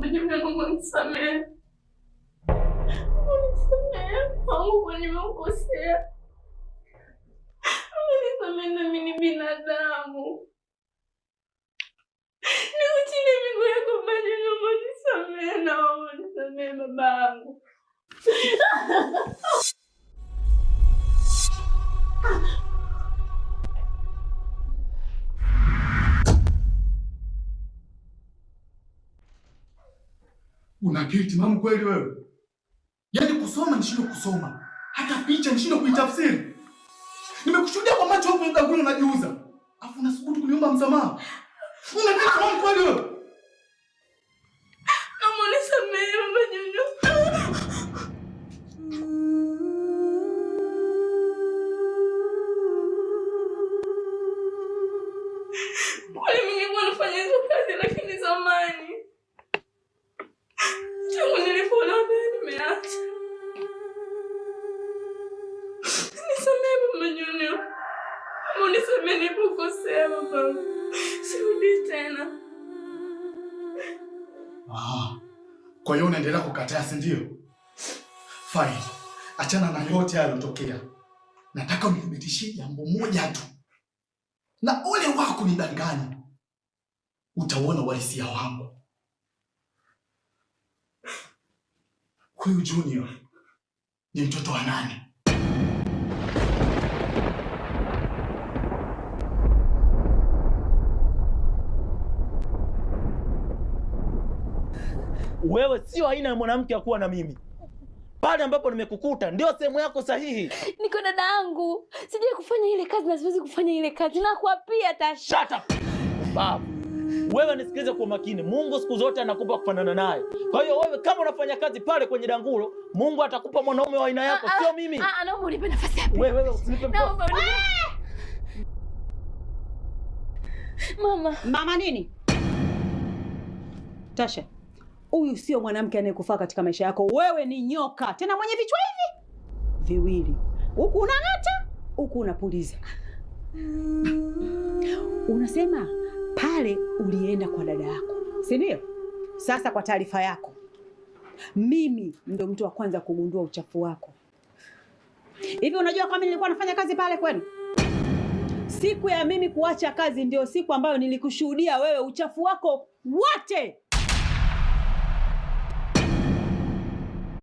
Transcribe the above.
Naomba jamii Mungu nisamehe. Nisamehe Mungu kwa nimekosea. Nisamehe na ni binadamu. Niko chini miguu yako bado, nisamehe, naomba nisamehe babangu. Una guilt mamu kweli wewe? Yaani kusoma nishindwe kusoma, hata picha nishindwe kuitafsiri. Nimekushuhudia kwa macho yangu, unajiuza, afu unasubutu kuniomba msamaha. Una guilt mamu kweli wewe? nilipokosea Sirudi tena. Ah, kwa hiyo unaendelea kukataa si ndio? Fine. Achana na yote yaliyotokea. Nataka unithibitishie jambo moja tu, na ole wako nidanganya, utauona uhalisia wangu. Huyu Junior ni mtoto wa nani? Wewe sio aina ya mwanamke akuwa na mimi. Pale ambapo nimekukuta ndio sehemu yako sahihi. Niko dada yangu, sijui kufanya ile kazi na siwezi kufanya ile kazi na kuapia Tasha. Shut up. Babu. Wewe nisikilize kwa makini. Mungu siku zote anakupa kufanana naye. Kwa hiyo wewe kama unafanya kazi pale kwenye dangulo, Mungu atakupa mwanaume wa aina yako, ah, ah, sio mimi. Ah, ah, naomba unipe nafasi hapa. Wewe wewe usinipe mkono. Mama. Mama nini? Tasha huyu sio mwanamke anayekufaa katika maisha yako. Wewe ni nyoka, tena mwenye vichwa hivi viwili, huku unang'ata, huku unapuliza. Unasema pale ulienda kwa dada yako, si ndio? Sasa kwa taarifa yako, mimi ndo mtu wa kwanza kugundua uchafu wako. Hivi unajua kwamba nilikuwa nafanya kazi pale kwenu? Siku ya mimi kuacha kazi ndio siku ambayo nilikushuhudia wewe uchafu wako wote.